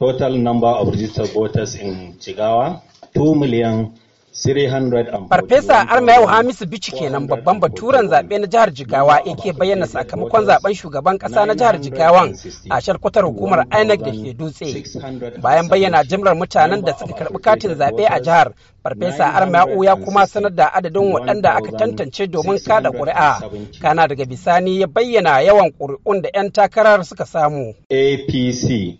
Total number of registered voters in Chigawa, 2 million Farfesa yau Hamisu Bichi kenan babban baturen zaɓe na jihar Jigawa ke bayyana sakamakon zaɓen shugaban ƙasa na jihar Jigawan a sharkwatar hukumar INEC da ke dutse. Bayan bayyana jimlar mutanen da suka karɓi katin zaɓe a jihar, Farfesa arma'u ya kuma sanar da adadin waɗanda aka tantance domin kada ƙuri'a. Kana daga bisani ya bayyana yawan ƙuri'un da 'yan takarar suka samu. APC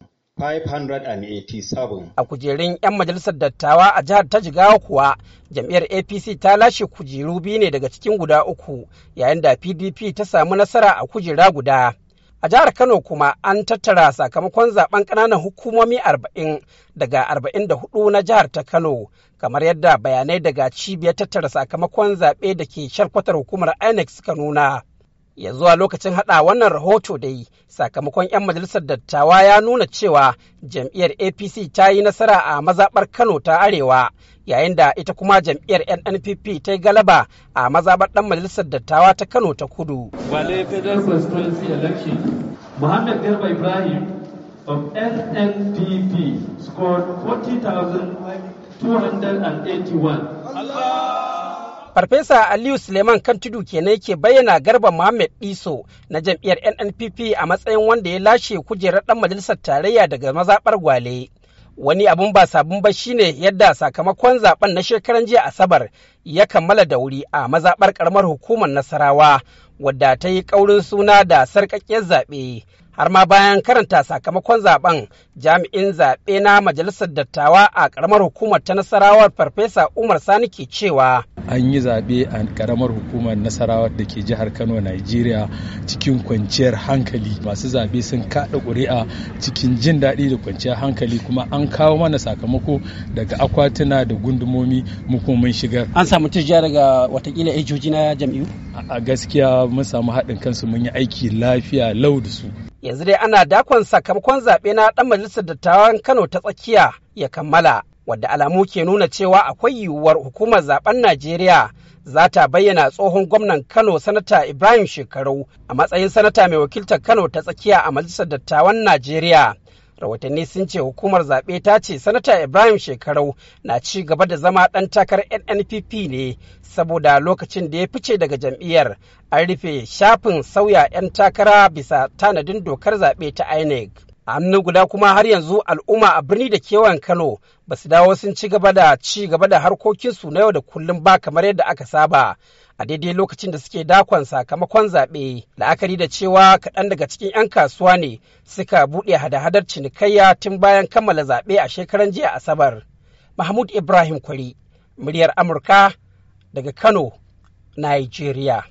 587. A kujerun 'yan majalisar dattawa a jihar ta jigawa kuwa jam'iyyar APC ta lashe kujeru biyu ne daga cikin guda uku yayin da PDP ta samu nasara a kujera guda. A jihar Kano kuma an tattara sakamakon zaben ƙananan hukumomi 40 daga 44 na jihar ta Kano kamar yadda bayanai daga cibiyar tattara sakamakon zaɓe da ke sharkwatar hukumar INEC suka nuna. yanzu a lokacin hada wannan rahoto dai sakamakon 'yan majalisar dattawa ya nuna cewa jam'iyyar apc ta yi nasara a mazabar kano ta arewa yayin da ita kuma jam'iyyar nnpp ta yi galaba a mazabar dan majalisar dattawa ta kano ta kudu of scored 40,281. Farfesa Aliyu Suleiman kan tudu kenan yake bayyana Garba Mohammed Iso na jam'iyyar NNPP a matsayin wanda ya lashe kujerar ɗan majalisar tarayya daga mazaɓar Gwale. Wani abun ba sabon ba shine yadda sakamakon zaben na shekaran jiya Asabar ya kammala da wuri a mazaɓar ƙaramar hukumar Nasarawa wadda ta yi ƙaurin suna da sarƙaƙƙiyar zaɓe. har ma bayan karanta sakamakon zaben jami'in zaɓe na majalisar dattawa a ƙaramar hukumar ta nasarawar farfesa umar sani ke cewa an yi zaɓe a ƙaramar hukumar nasarawa da ke jihar kano nigeria cikin kwanciyar hankali masu zaɓe sun kaɗa ƙuri'a cikin jin daɗi da kwanciyar hankali kuma an kawo mana sakamako daga akwatuna da gundumomi mu kuma mun shigar an samu tijjiya daga watakila ejoji na jam'iyyu a gaskiya mun samu haɗin kansu mun yi aiki lafiya lau da su yanzu dai ana dakon sakamakon zaɓe na ɗan majalisar dattawan kano ta tsakiya ya kammala wadda alamu ke nuna cewa akwai yiwuwar hukumar zaben najeriya za ta bayyana tsohon gwamnan kano sanata ibrahim shekaru a matsayin sanata mai wakiltar kano ta tsakiya a majalisar dattawan najeriya rahotanni sun ce hukumar zaɓe ta ce sanata ibrahim shekarau na ci gaba da zama ɗan takar nnpp ne saboda lokacin da ya fice daga jam'iyyar an rufe shafin sauya 'yan takara bisa tanadin dokar zaɓe ta inec a hannun guda kuma har yanzu al'umma a birni da kewayen kano ba su dawo sun ci gaba da ci gaba da harkokinsu na yau da kullum ba kamar yadda aka saba a daidai lokacin da suke dakon sakamakon zaɓe la'akari da cewa kaɗan daga cikin 'yan kasuwa ne suka buɗe hada-hadar cinikayya tun bayan kammala zaɓe a shekaran jiya asabar mahmud ibrahim kwari muryar amurka daga kano nigeria